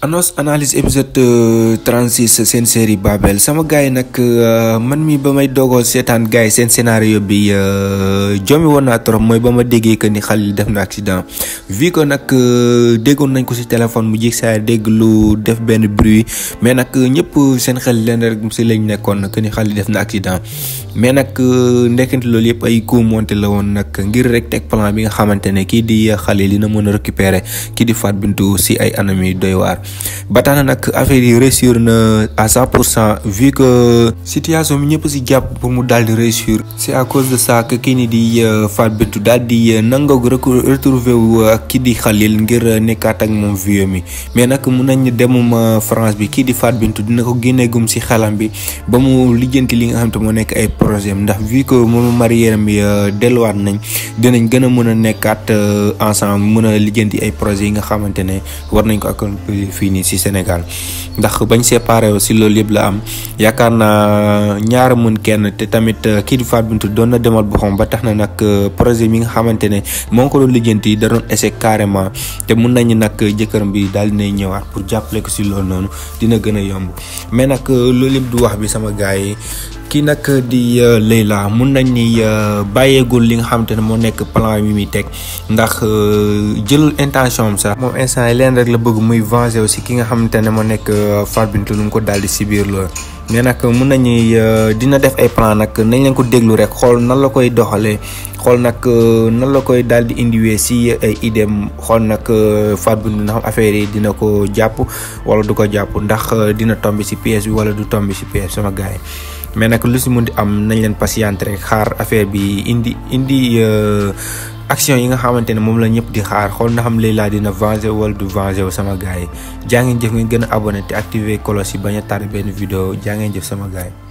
annonce analyse episode 36 seen série babel sama gay nak eh, man mi bamay dogo setan gay seen scénario bi eh, jomi won na trop moy bama degi que ni khalil def na accident vu nak eh, déggon nañ ko ci téléphone mu jik sa dégg def ben bruit mais nak ñepp seen xel len rek ci lañ nekkon que ni khalil def na accident mais nak ndekante lool yep ay coup monté la won nak ngir rek tek plan bi nga xamantene ki di khalil dina mëna récupérer ki di fat bintu ci ay anami doy war ba tax nag affaire yi réussir na à cent pour cent vu que situation bi ñëpp si jàpp pour mu daal di réussir c'est à cause de ça que kii ni di euh, Fatou Bintou daal di euh, nangoog retrouvé wu ak kii di Khalil ngir euh, nekkaat ak moom vieux mi mais nag mun nañ demuma France bi kii di Fatou bintu dina ko génneegum si xalam bi ba mu lijjanti li nga xam te moo nekk ay projet ndax vu que moom marié mi delluwaat nañ dinañ gën a mën a nekkaat ensemble mën a lijjanti ay projet yi nga xamante ne war nañ ko accomplir fii nii si Sénégal ndax bañ séparé si loolu yëpp la am yaakaar naa ñaar mën kenn te tamit euh, kii di Fatou Bintou doon na demal boppam ba tax na nag euh, projet mi nga xamante ne moo ngi ko doon liggéent yi doon échec carrément te mun nañu nag jëkkëram bi di nay ñëwaat pour jàppale ko si loolu noonu dina gën a yomb mais nag euh, loolu yëpp du wax bi sama gars yi kii nag di euh, Leila mun nañ ni euh, bàyyeegul li nga xamante ne moo nekk plan bi muy teg ndax euh, jëlul intention am sax moom instant yi leen rek la bëgg muy venger aussi ki nga xamante ne moo nekk Farbintou lu mu ko daal di si biir loolu mais nag mun nañuy euh, dina def ay plan nag nañ leen ko déglu rek xool nan la koy doxalee xool nag euh, nan la koy daal di indiwee si ay idéem xool nag euh, Fatou Binetou ndax affaire yi dina ko jàpp wala du ko jàpp ndax dina tombi si pièce bi wala du tombi si pièce sama gars yi mais nag lu si mun di am nañ leen patiente rek xaar affaire bi indi indi. action yi nga xamante ne moom la ñëpp di xaar xool na xam Leila dina venger wala du venger wu sama gars yi jaa ngeen jëf ngeen gën a abonné te activer cloche yi bañ a tardé benn vidéo jaa jëf sama gars